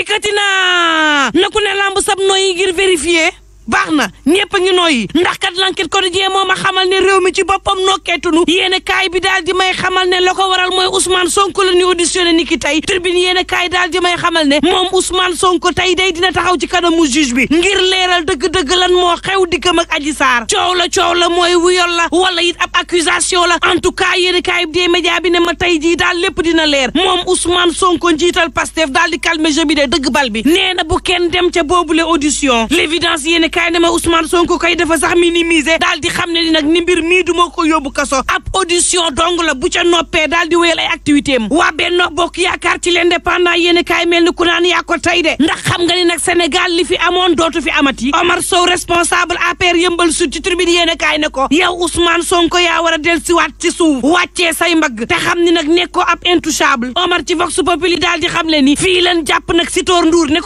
dikkati naa na ku ne lamb sab nooyi ngir vérifier baax na ñëpp a ngi nooyi ndax kat lanket quotidien moo ma xamal ne réew mi ci boppam nokkeetunu yéene kaay bi daal di may xamal ne la ko waral mooy Ousmane Sonko la ñu auditionné ni ki tey tribune yéene kaay daal di may xamal ne moom Ousmane Sonko tey day dina taxaw ci kanamu juge bi ngir leeral dëgg-dëgg lan moo xew diggam ak Adji Sarr coow la coow la mooy wuyol la wala it ab accusation la en tout cas yéene kaay bi dee média bi ne ma tey jii daal lépp dina leer moom Ousmane Sonko njiital Pastef daal di calmer jeu bi de dëgg bal bi nee na bu kenn dem ca boobule audition l'évidence yéene kaay ne ma Ousmane Sonko kay dafa sax minimiser daal di xam ne ni nag ni mbir mii du ma ko kaso ab audition dong la bu ca noppee daal di wéyal ay activité am waa Benno Bokk Yaakaar ci l'Indépendant yéen kaay mel ni ku naan yaa ko tey de ndax xam nga ni nag Sénégal li fi amoon dootu fi amati Omar Sow responsable APR yëmbal sud ci tribune yéen ne ko yow Ousmane Sonko yaa war a del siwaat ci suuf wàccee say mbagg te xam ni nag nekkoo ab intouchable Omar ci Vox Populi daal di xam le ni fii lan jàpp nag Sitor Ndour ne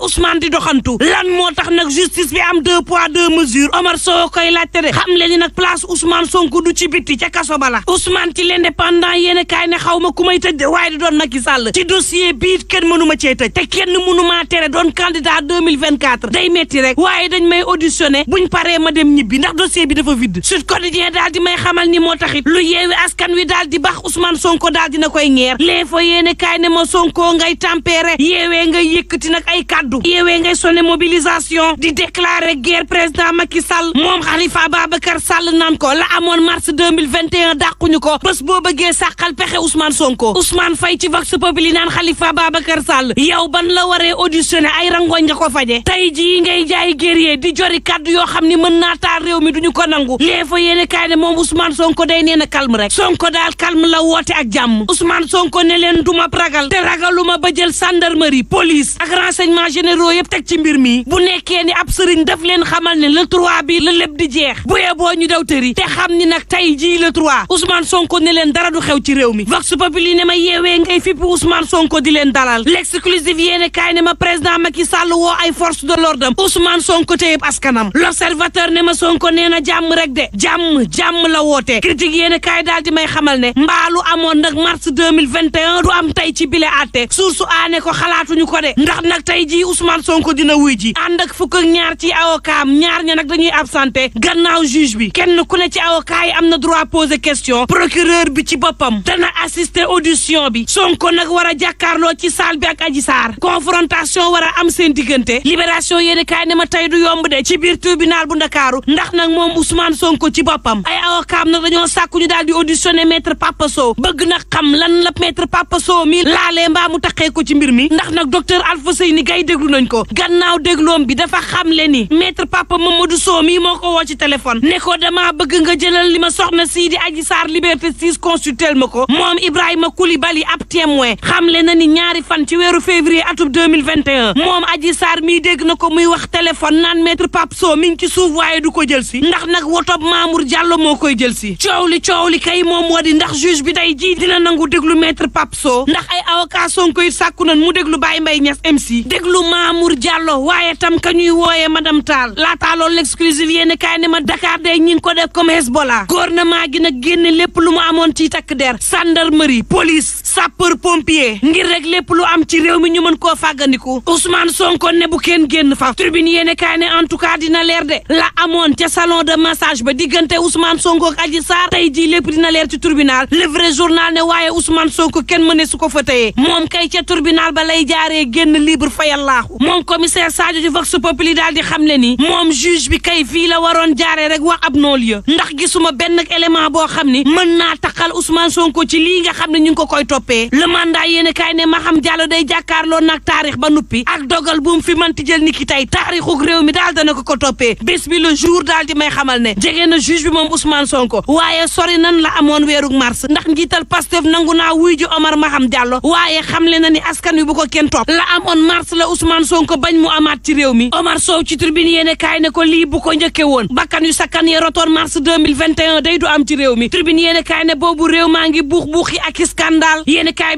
Ousmane di doxantu lan moo tax nag justice bi am deux poids deux mesures Omar Sow koy laajte de xam leen ni nag place Ousmane Sonko du ci biti ca kaso ba la Ousmane ci l'indépendant yéen kaay ne xaw ma ku may tëj de waaye di doon Macky Sall ci dossier bii kenn mënu ma cee tëj te kenn mënu maa tere doon candidat 2024 day metti rek waaye dañ may auditionné buñ pare ma dem ñibbi ndax dossier bi dafa vide Sud Quotidien daal di may xamal ni moo taxit lu yeewi askan wi daal di baax Ousmane Sonko daal dina koy ñeer léefo yéen kaay ne Sonko ngay tempéré yeewee ngay yëkkati nag ay kaddu yeewee ngay sonné mobilisation di déclarer guerre président Macky Sall moom Khalifa Babacar Sall naan ko la amoon mars 2021 dàquñu ko bés boo bëggee sàqal pexe Ousmane Sonko Ousmane Faye ci vox populi naan Khalifa Babacar Sall yow ban la waree auditionné ay rangoñ nga ko faje tey jii ngay jaay guerrier di jori kaddu yoo xam ni mën naa taal réew mi du duñu ko nangu lée fa yéene kaay ne moom Ousmane Sonko day nee na calme rek Sonko daal calme la woote ak jàmm Ousmane Sonko ne leen duma ragal te ragaluma ba jël gendarmerie police ak renseignement généraux yëpp teg ci mbir mi bu nekkee ni ab sëriñ daf leen xamal ne le trois bi la lépp di jeex bu yeboo ñu daw tëri te xam ni nag tey jii le trois Ousmane Sonko ne leen dara du xew ci réew mi vox populi ne ma yeewee ngay fippi Ousmane Sonko di leen dalal l'exclusif yéene kaay ne ma président Macky Sall woo ay force de l'ordre am Ousmane Sonko te yëpp askanam l'observateur ne ma Sonko nee na jàmm rek de jàmm jàmm la woote critique yéene kaay daal di may xamal ne mbaalu amoon nag mars 2021 du am tey ci bile àtte source aane ko ko de ndax nag tey jii yi Ousmane Sonko dina wuy ji ànd ak fukk ak ñaar ci awokaam ñaar ña nag dañuy absenté gannaaw juge bi kenn ku ne ci awokaa yi am na droit poser question procureur bi ci boppam dana assister audition bi Sonko nag war a jàkkaarloo ci salle bi ak Adji Sarr confrontation war am seen diggante libération yéene kaay ne ma tey du yomb de ci biir tribunal bu Ndakaaru ndax nag moom Ousmane Sonko ci boppam ay awokaam nag dañoo sàkku ñu daal di auditionné maître Papa Sow bëgg nag xam lan la maître Papa Sow mi laalee mbaa mu ko ci mbir mi ndax nag docteur Alphouseyni déglu nañ ko gannaaw dégloom bi dafa xamle ni maître papa Mamadou Sow mii moo ko woo ci téléphone ne ko damaa bëgg nga jëlal li ma soxna sii di Adji Sarr Liberté 6 consultel ma ko moom Ibrahima Koulibaly ab témoin xamle na ni ñaari fan ci weeru février atub 2021 moom Adji saar mii dégg na ko muy wax téléphone naan maître papa Sow mi ngi ci suuf waaye du ko jël si ndax nag wotob Mamour Diallo moo koy jël si coow li coow li kay moom moo di ndax juge bi tey jii dina nangu déglu maître papa Sow ndax ay sàkku nañ mu déglu Baye Mbaye Niass MC mbiru Mamour Diallo waaye tam ka ñuy wooyee madame Tall laataa loolu l'exclusive yéen kaay ne ma Dakar de ñi ngi ko def comme Hezbollah gouvernement gi nag génne lépp lu mu amoon ci takk der gendarmerie police sapeur pompier ngir rek lépp lu am ci réew mi ñu mën koo fàggandiku Ousmane Sonko ne bu kenn génn fa tribune yéen kaay ne en tout cas dina leer de la amoon ca salon de massage ba diggante Ousmane Sonko ak Adji Sarr tey lépp dina leer ci tribunal le vrai journal ne waaye Ousmane Sonko kenn mëne su ko fa tëyee moom kay ca tribunal ba lay jaaree génn libre fayal laaxu moom commissaire Sadio di vox populi daal di xam le ni moom juge bi kay fii la waroon jaaree rek wax ab nool ya ndax gisuma benn élément boo xam ni mën naa taqal Ousmane Sonko ci lii nga xam ne ñu ngi ko koy toppee le mandat yéene kaay ne Maham Diallo day jàkkaarloo nag taarix ba nuppi ak dogal bu mu fi mënti jël ni ki tey taarixuk réew mi daal dana ko ko toppee bés bi le jour daal di may xamal ne jege na juge bi moom Ousmane Sonko waaye sori nan la amoon weeruk mars ndax njiital Pastef nangu naa wuy ji Omar Maham Diallo waaye xamle na ni askan wi bu ko kenn topp la Ousmane Sonko bañ mu amaat ci réew mi Omar Sow ci tribune yéene kaay ne ko lii bu ko njëkke woon bakkan yu sakkan ya rotoon mars 2021 day du am ci réew mi tribune yéene kaay ne boobu réew bi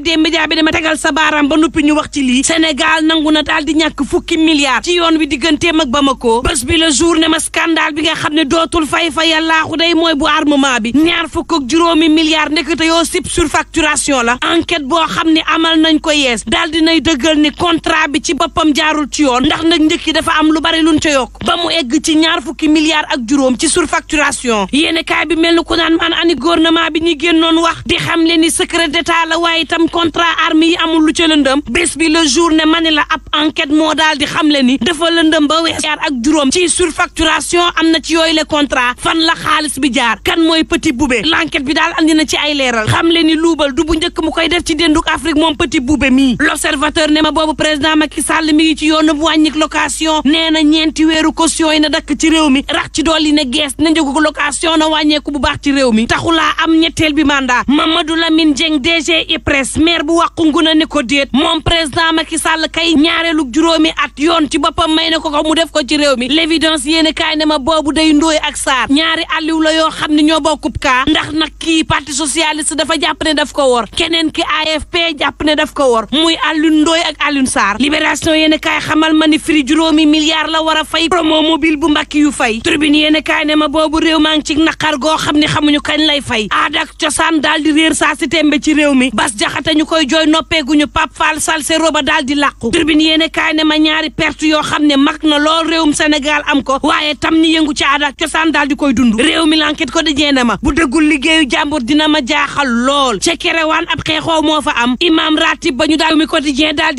dee média bi dama tegal sa baaram ba noppi ñu wax ci lii Sénégal nangu na daal di fukki milliards ci yoon wi digganteem ak Bamako bés bi le jour ne ma scandale bi nga xam ne dootul fay fa yàllaaxu day mooy bu armement bi ñaar fukk ak juróomi milliards ndekete yoo sip surfacturation la enquête boo xam ne amal nañ ko yees daal nay dëggal ni contrat bi ci bopp boppam jaarul ci yoon ndax nag njëkk dafa am lu bari luñ ca yokk ba mu egg ci ñaar fukki milliards ak juróom ci surfacturation yéene kaay bi mel ni ku naan maan ani gouvernement bi ñu génnoon wax di xam le ni secret d'état la waaye itam contrat armée yi amul lu ca lëndëm bés bi le jour ne mani la ab enquête moo daal di xam le ni dafa lëndëm ba wees ak juróom ci surfacturation am na ci yooyu le contrat fan la xaalis bi jaar kan mooy petit boubé l'enquête bi daal andi na ci ay leeral xam le ni luubal du bu mu koy def ci dénduk Afrique moom petit boubé mii l'observateur ne ma boobu président Macky Sall mi ngi ci yoonu bu wàññik location nee na ñeenti weeru caution yi na dakk ci réew mi rax ci dolli ne gees na njëgu location na wàññeeku bu baax ci réew mi taxulaa am ñetteel bi mandat Mamadou Lamine Dieng DG IPRES maire bu wàqu na ne ko déet moom président Macky sàll kay ñaareelu juróomi at yoon ci boppam may na ko ko mu def ko ci réew mi l'évidence yéeni kaay ne ma boobu day ndooy ak saar ñaari àlliw la yoo xam ne ñoo bokkub kaa ndax nag kii parti socialiste dafa jàpp daf ko wor keneen ki AFP jàpp ne daf ko wor muy Alioune Ndoye Libération yéen a kaay xamal ma ni firi juróomi milliards la war a fay promo mobile bu mbàkki fay tribune yéen a ne ma boobu réew maa ci naqar goo xam ne xamuñu kañ lay fay aada ak cosaan daal di réer saa si tembe ci réew mi bas jaxate koy jooy noppeeguñu Pape Fall Salse roba daal di làqu tribune yéen a ne ma ñaari perte yoo xam ne mag na lool réewum Sénégal am ko waaye tam ñi yëngu ci aada ak cosaan daal di koy dund réew mi lanket ko dajee na ma bu dëggul liggéeyu jàmbur dina ma jaaxal lool ca kerewaan ab xeexoo moo fa am imaam ratib ba ñu daal mi quotidien daal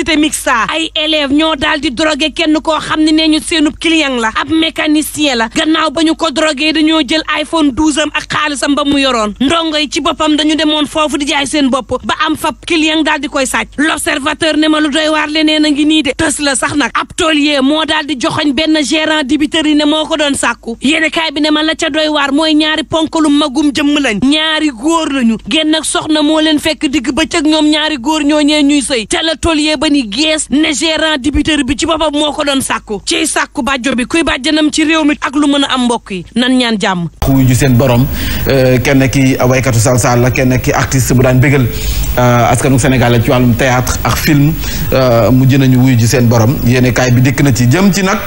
cité mixa ay élève ñoo daal di drogué kenn koo xam ne ñu seenub client la ab mécanicien la gannaaw ba ñu ko drogué dañoo jël iPhone 12 am ak xaalisam ba mu yoroon ndongo yi ci boppam dañu demoon foofu di jaay seen bopp ba am fab client daal di koy sàcc l'observateur ne ma lu doy waar leneen a ngi nii de tës la sax nag ab tôlier moo daal di joxoñ benn gérant dibiteri ne moo ko doon sàkku yéenekaay bi ne ma la ca doy waar mooy ñaari ponkalum magum jëmm lañ ñaari góor lañu génn ak soxna moo leen fekk digg bëccëg ñoom ñaari góor ñoo ñee ñuy sëy te la ba compagnie gees ne gérant débiteur bi ci boppam moo ko doon sàkku ciy sàkku bàjjo bi kuy bàjjanam ci réew mi ak lu mën a am mbokk yi nan ñaan jàmm xuy ju seen borom euh, kenn ki waykatu salsal la kenn ki artiste bu daan bégal euh, askanu Sénégal la ci wàllum théâtre ak film euh, mujj nañu wuy ji seen borom yéene kaay bi dikk na ci jëm ci nag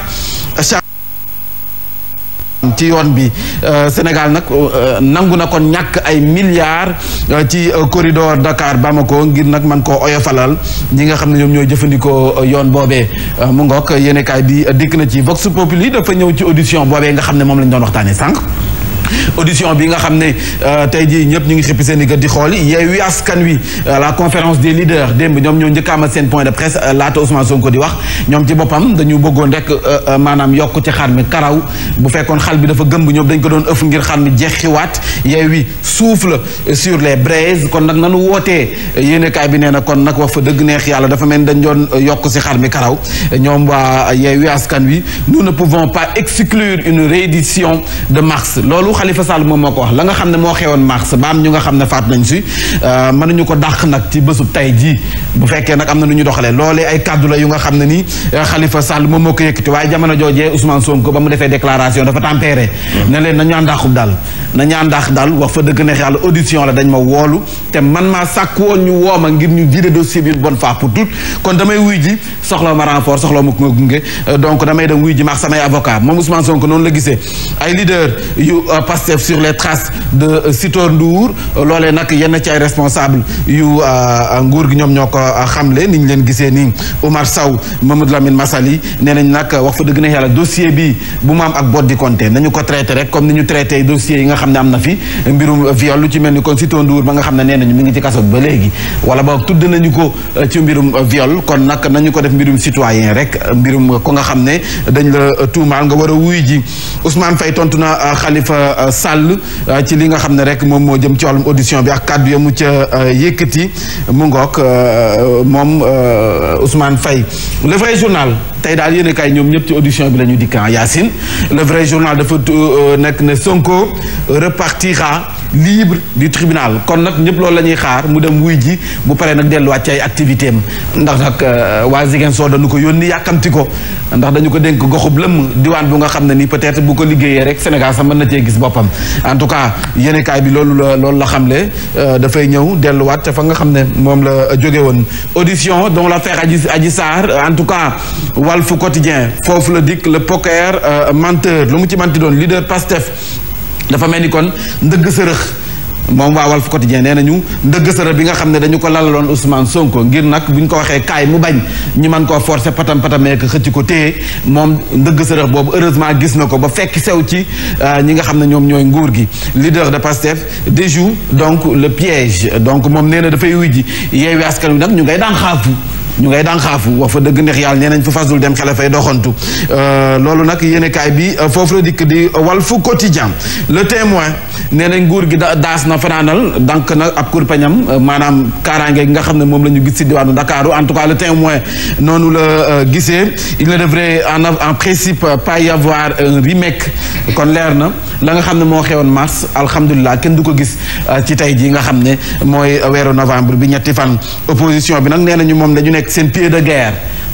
ci yoon bi euh, Sénégal nag euh, nangu na kon ñàkk ay milliards euh, ci corridor Dakar Bamako ngir nag man koo oyofalal ñi nga xam ne ñoom ñooy jëfandikoo yoon boobee mu ngoog yéenekaay bi dikk na ci Vox Populi dafa ñëw ci audition boobee nga xam ne moom lañ doon waxtaanee sànq. audition bi nga xam ne euh, tey jii ñëpp ñu ngi xippi seen i gët di xool Yewwi Askan Wi euh, la conférence des leaders démb ñoom ñoo njëkk a amal seen point de presse euh, laata Ousmane Sonko di wax ñoom ci boppam dañu bëggoon rek maanaam yokk ci xar mi karaw bu fekkoon xal bi dafa gëmb ñoom dañ ko doon ëff ngir xar mi jeexiwaat Yewwi souffle sur les braises kon nag nanu wootee yéenekaay bi nee na kon nag wax fa dëgg neex yàlla dafa mel dañ doon yokk si xar mi karaw ñoom waa Yewwi Askan Wi nous ne pouvons pas exclure une réédition de mars loolu Khalifa Sall moom moo ko wax la nga xam ne moo xewoon mars ba am ñu nga xam ne faat nañ si euh, mënuñu ko dàq nag ci bésub tay jii bu fekkee nag am na nu ñu doxalee loolee ay kàddu la yu nga xam ne ni euh, Khalifa Sall moom moo ko yëkkati waaye jamono joojee Ousmane Sonko ba mu defee déclaration dafa tempéré mm. ne leen nañu àndaaxub daal nañu àndaax daal wax fa dëgg neex yàlla audition la ma woolu te man maa sàkk woon ñu wooma ngir ñu jiide dossier bi bonne fois pour toutes kon damay wuy ji soxla ma renfort soxla ma ku ma gunge euh, donc damay dem wuy ji maax samay avocat moom Ousmane noonu la gisee ay leader yu Pastef sur les traces de euh, Sitor Ndour euh, loolee nag yenn ci ay responsable yu euh, nguur gi ñoom ñoo ko xamle ni ñu leen gisee nii Omar Sow Mamadou Lamine Massaly nee nañ nag wax fa dëgg na yàlla dossier bi bu maam ak bot di compté nañu ko traité rek comme ni ñu traité dossiers yi nga xam ne am na fi mbirum viol lu ci mel ni kon Sitor Ndour ba nga xam ne nee nañu mu ngi ci kaso ba léegi wala boog tudd nañu ko ci mbirum viol kon nag nañu ko def mbirum citoyen rek mbirum ko nga xam ne dañ la tuumaal nga war a wuy ji Khalifa euh, Sall euh, ci li nga xam ne rek moom moo jëm ci wàllum audition bi ak kàddu ya mu ca euh, yëkkati mu ngoog moom Ousmane Faye le vrai journal tey daal yéen kay ñoom ñëpp ci audition bi lañu ñu dikkan ah, Yacine le vrai journal dafa nekk ne Sonko repartira libre du tribunal kon nag ñëpp loolu la ñuy xaar mu dem wuy ji bu paree nag delluwaat ci ay activité am ndax nag euh, waa Ziguinchor dañu ko yónni yàkkamti ko ndax dañu ko dénk goxub lëmm diwaan bu nga xam ne ni peut-être bu ko liggéeyee rek Sénégal sax mën na cee gis boppam en tout cas yéenekaay bi loolu la loolu la xamle euh, dafay ñëw delluwaat ca fa nga xam ne moom la euh, jóge woon audition dont l'affaire Adji Adji Sarr en tout cas wal Walf Quotidien foofu la dikk le poker mant lu mu ci manti doon leader Pastef dafa mel ni kon ndëgg sërëx moom waa Walf Quotidien nee nañu ndëgg sërëx bi nga xam ne dañu ko lal lalaloon Ousmane Sonko ngir nag bu ñu ko waxee kaay mu bañ ñi man koo forcer patam patamee ko xëcc ko téye moom ndëgg sërëx boobu heureusement gis na ko ba fekk sew ci euh, ñi nga xam ne ñoom ñooy nguur gi leader de Pastef déjoue donc le piège donc moom nee dafay wuy ji yeewi askan wi nag ñu ngay daan xaafu ñu ngay daan xaafu wax fa dëgg neex yàlla nee nañ fu fasul dem xele fay doxantu euh, loolu nag kaay bi euh, foofu la dikk di Walf Quotidien le témoin nee nañ nguur gi da daas na fanaanal donc na ab kurpañam euh, maanaam kaaraange gi nga xam ne moom la ñu gis si diwaanu Dakar en tout cas le témoin noonu la gisee il ne devrait en principe pas y avoir un remake kon leer na la nga xam ne moo xewoon mars alhamdulilah kenn du ko gis ci tey ji nga xam ne mooy weeru novembre bi ñetti fan opposition bi nag nekk seen pied de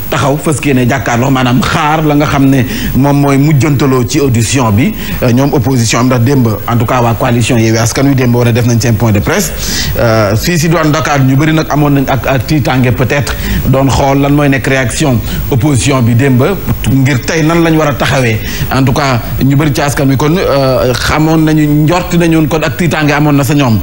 taxaw fas jàkkaar jàkkaarloo maanaam xaar la nga xam ne moom mooy mujjantaloo ci audition bi euh, ñoom opposition am ndax démb en tout cas waa coalition Yewwi Askan Wi démb war a def nañ seen point de presse euh, fii si doon Dakar ñu bëri nag amoon nañ ak ak tiitange peut-être doon xool lan mooy nekk réaction opposition bi démb ngir tey nan lañ war a taxawee en tout cas ñu bëri ci askan wi kon euh, xamoon nañu njort nañu kon ak tiitange amoon na sa ñoom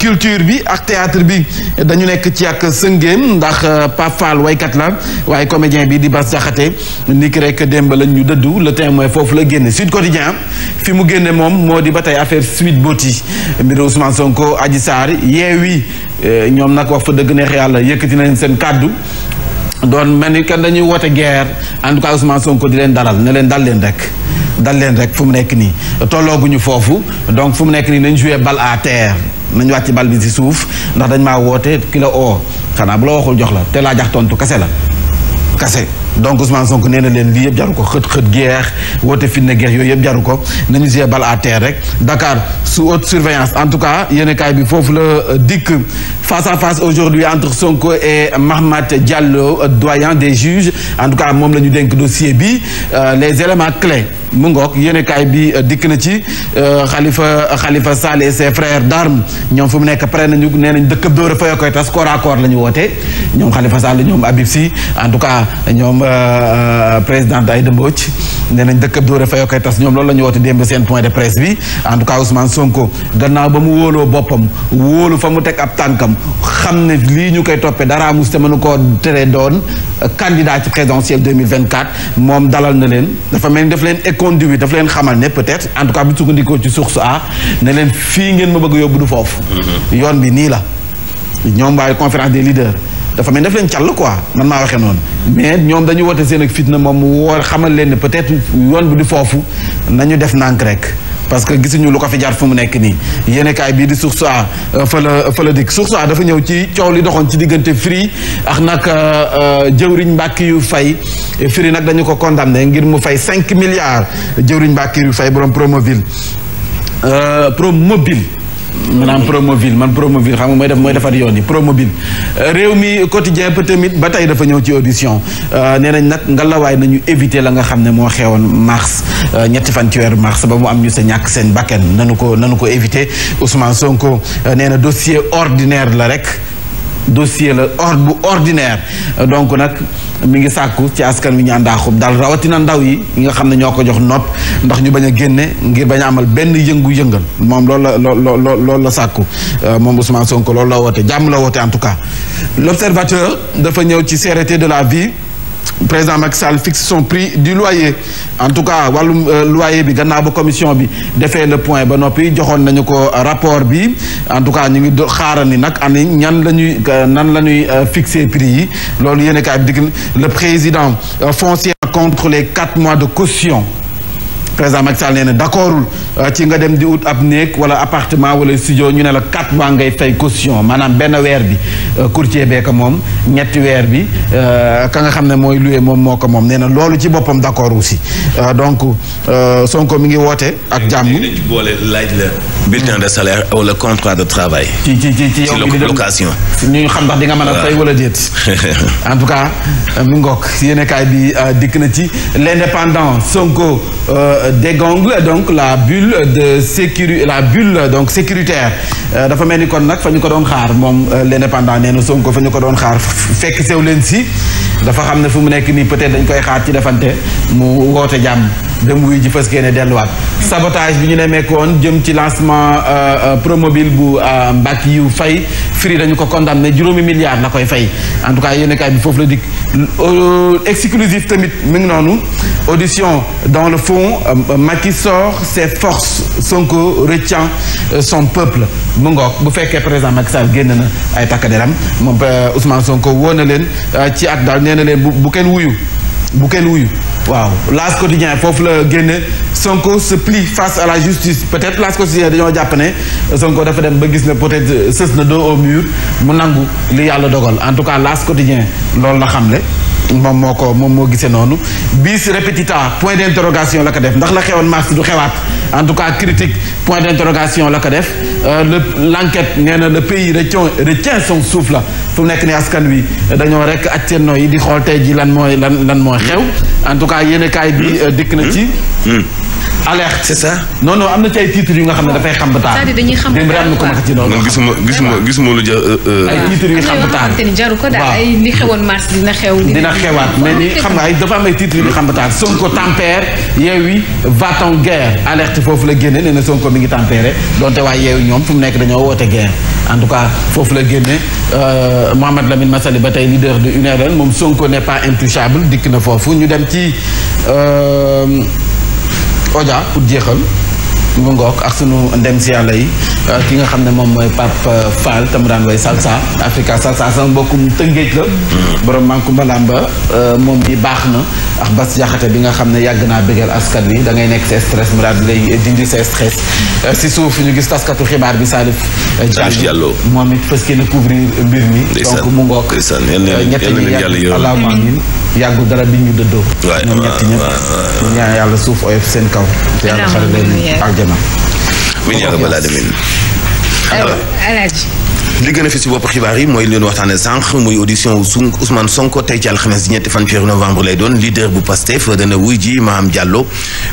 culture bi ak théâtre bi dañu nekk ci ak sëngéem ndax Pape Fall waykat la waaye comédien bi di Bas Jaxate ni ki rek démb lañ ñu dëddu le témoin foofu la génne Sud Quotidien fi mu génne moom moo di ba tey affaire Sweet Beauty mbiru Ousmane Sonko Adji Sarr Yewwi eh, ñoom nag wax fa dëgg neex yàlla yëkkati nañ seen kàddu doon mel ni kan dañuy woote guerre en tout cas Ousmane Sonko di leen dalal ne leen dal leen rek dal leen rek fu mu nekk nii tollooguñu foofu donc fu mu nekk nii nañu joué bal à nañu nañ wàcc bal bi ci suuf ndax dañ maa woote ki xanaa bu la waxul jox la te laa jax la kase donc Ousmane Sonko nee leen lii yëpp jaru ko xët xët geex woote fitna geex yooyu yëpp jaru ko nañu see bal à terre rek Dakar sous haute surveillance en tout cas yéen kaay bi foofu la euh, dikk face à face aujourd'hui entre Sonko et Mahmat Diallo euh, doyen des juges en tout cas moom la ñu dénk dossier bi euh, les éléments clés mu ngoog yéenekaay bi euh, dikk na ci xalifa euh, xalifa Sall et ses frères d'armes ñoom fu mu nekk pare nañu nee nañ dëkkab dóor a faya koy tas corps à corps la ñu woote ñoom xalifa Sall ñoom Habib Sy en tout cas ñoom euh, président Aïda nee nañ dëkkab dóor a faya koy tas ñoom loolu la ñu woote démb seen point de presse bi en tout cas Sonko gannaaw ba mu wóoloo boppam wóolu fa mu teg ab tànkam xam ne lii ñu koy toppee dara mus te mënu ko tere doon candidat ci présidentielle 2024 moom dalal na leen dafa mel ni def leen conduit dafa leen xamal ne peut-être en tout cas bu sukkandikoo ci source A ne leen fii ngeen ma bëgg yóbbu du foofu mm-hmm. yoon bi nii la ñoom waaye conférence des leaders dafa mel daf leen càll quoi man maa waxee noonu mais ñoom dañu woote seen ak fitna moom woo xamal leen ne peut-être yoon bi di foofu nañu def nànk rek parce que gisuñu lu ko fi jaar fu mu nekk nii yéenekaay bii di Source A euh, fa la fa la dikk Source A dafa ñëw ci coow li doxoon ci diggante Free ax nag euh, euh, jëwriñ yu Faye Free nag dañu ko condamné ngir mu fay cinq milliards jëwriñ yu Faye borom Promoville Promobile maanaam promoville man promoville xam nga mooy def mooy defar yoon yi promoville euh, réew mi quotidien peut tamit ba tey dafa ñëw ci audition euh, nee nañ nag ngalawaay nañu éviter la nga xam ne moo xewoon mars euh, ñetti fan ci weeru mars ba mu am ñu sa ñàkk seen bakkan nanu ko nanu ko éviter Ousmane Sonko nee na dossier ordinaire la rek dossier la or bu ordinaire donc nag mi ngi sàkku ci askan wi ñu àndaaxub daal rawatina ndaw yi ñi nga xam ne ñoo ko jox nopp ndax ñu bañ a génne ngir bañ a amal benn yëngu-yëngal moom loolu la lool la sàkku euh, moom Ousmane Sonko lool la woote jàmm la woote en tout cas l'observateur dafa ñëw ci cherté de la vie président Macky Sall fixe son prix du loyer en tout cas wàllum euh, loyer bi gannaaw ba commission bi defee le point ba noppi joxoon nañu ko rapport bi en tout cas ñu ngi xaaral ni nag ani ñan la ñuy euh, nan la ñuy euh, fixer prix yi loolu yéen a digg le président foncier contre les quatre mois de caution président Macky Sall nee na euh, ci nga dem di wut ab néeg wala appartement wala studio ñu ne la quatre mois ngay fay caution maanaam benn weer bi euh, courtier bee moom ñetti weer bi euh, ka nga xam ne mooy loué moom moo ko moom nee na loolu ci boppam d'accord aussi donc Sonko mi ngi woote ak jàmm. ci boole laaj la. bulletin de salaire wala contrat de travail. ci ci ci ci location. ñu xam ndax di nga mën a fay wala déet. en tout cas mi ngook yéen kaay bi dikk na ci l'indépendant Sonko. dégongle donc la bulle de sécurité la bulle donc sécuritaire euh, dafa mel ni kon nag fa ñu ko doon xaar moom euh, l'indépendant nee na Sonko fa ñu ko doon xaar fekk sew leen si dafa xam ne fu mu nekk nii peut-être dañu koy xaar ci defante mu woote jàmm dem wuy ji fas yéene delluwaat sabotage bi ñu ne nemmeekoon jëm ci lancement euh, promobile bu Mbackiou Faye Free dañu ko condamné juróomi milliards la koy fay en tout cas yéen a bi foofu la dikk Euh, exclusif tamit mi ngi noonu audition dans le fond euh, Macky sort ses forces Sonko retient euh, son peuple mu ngoog bu fekkee président Macky Sall génn na ay takkaderam moom Ousmane Sonko woo na leen ci at daal nee na leen bu bu kenn wuyu bu kenn wuyu waaw L'As quotidien foofu la génne Sonko se plie face à la justice peut-être L'As quotidien dañoo jàpp ne Sonko dafa dem ba gis ne peut-être sës na dos au mur mu nangu li yàlla dogal en tout cas L'As quotidien loolu xam xamle moom moo ko moom moo gisee noonu bis répétita point d'interrogation la ko def ndax la xewoon mars du xewaat en tout cas critique point d'interrogation la ko def euh, le l'enquête nee na le pays retient retient son la fu mu nekk ni askan wi dañoo rek ak seen yi di xool tey ji lan mooy lan lan mooy xew en tout cas yéen kaay bi euh, dikk na ci hmm. Hmm. alerte c'est ça non am na ci ay titres yu nga xam ne oh. dafay xam ba taal cest dañuy xam ba taal quoi ci doon man gisuma gisuma gisuma lu ja euh, euh, ko daal ay xewoon mars dina xew dina xewaat mais ni xam nga ay dafa am ay titres yu xam ba taal Sonko tempère Yewwi va-t-en guerre alerte foofu la génne nee na Sonko mi ngi tempéré donte waaye Yewwi ñoom fu mu nekk dañoo woote guerre en tout cas foofu la génne euh, Mohamed Lamine Massaly ba tey leader de UNRN moom Sonko n'est pas intouchable dikk na foofu ñu dem ci Oja pour jeexal mu ngook ak sunu ndem si yàlla yi euh, ki nga xam ne moom mooy Pape euh, Fall tam daan way salsa Africa salsa sama mbokkum tëngéej la mm. borom man ku mbalamba euh, moom bi baax na ak bas jaxate bi nga xam ne yàgg naa bégal askan wi da nekk si stress mu daal di lay dindi sa stress si euh, suuf ñu gis taskatu xibaar bi Salif euh, Diallo moom it fas yéene couvrir mbir mi donc mu ngook euh, ñett ñi yàlla allahumma amin yàggu dara bi ñu dëddoo yàlla suuf oyof seen kaw te yàlla xare leen aljana min yaa rabbal Euh, li gën a fi si bopp xibaar yi mooy leen waxtaane sànq muy audition wu Ousmane Sonko tey ci alxames si ñetti fan ci novembre lay doon leader bu Pastef dana wuy ji Maham jàlloo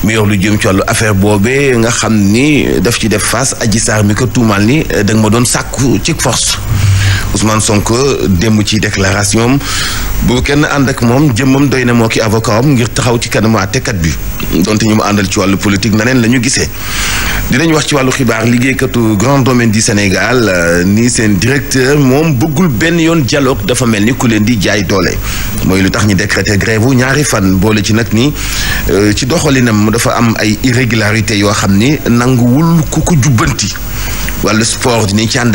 mu yor lu jëm ci wàllu affaire boobee nga xam ni daf ci def fas aji saar mi ko tuumal ni euh, da ma doon sàkku ci force Ousmane Sonko démb ci déclaration boo kenn ànd ak moom jëm jëmmam doy na moo ki avocat am ngir taxaw ci kanam kanamu àttekat bi donte ñu mu àndal ci wàllu politique naneen la ñu gisee dinañu wax ci wàllu xibaar liggéeykatu grand domaine du Sénégal euh, ni seen directeur moom bëggul benn yoon dialogue dafa mel ni ku leen di jaay doole mooy lu tax ñu décrété grève wu ñaari fan boole ci nag ni euh, ci doxalinam dafa am ay irrégularités yoo xam ni nanguwul ku ko jubbanti wàllu sport dinañ ci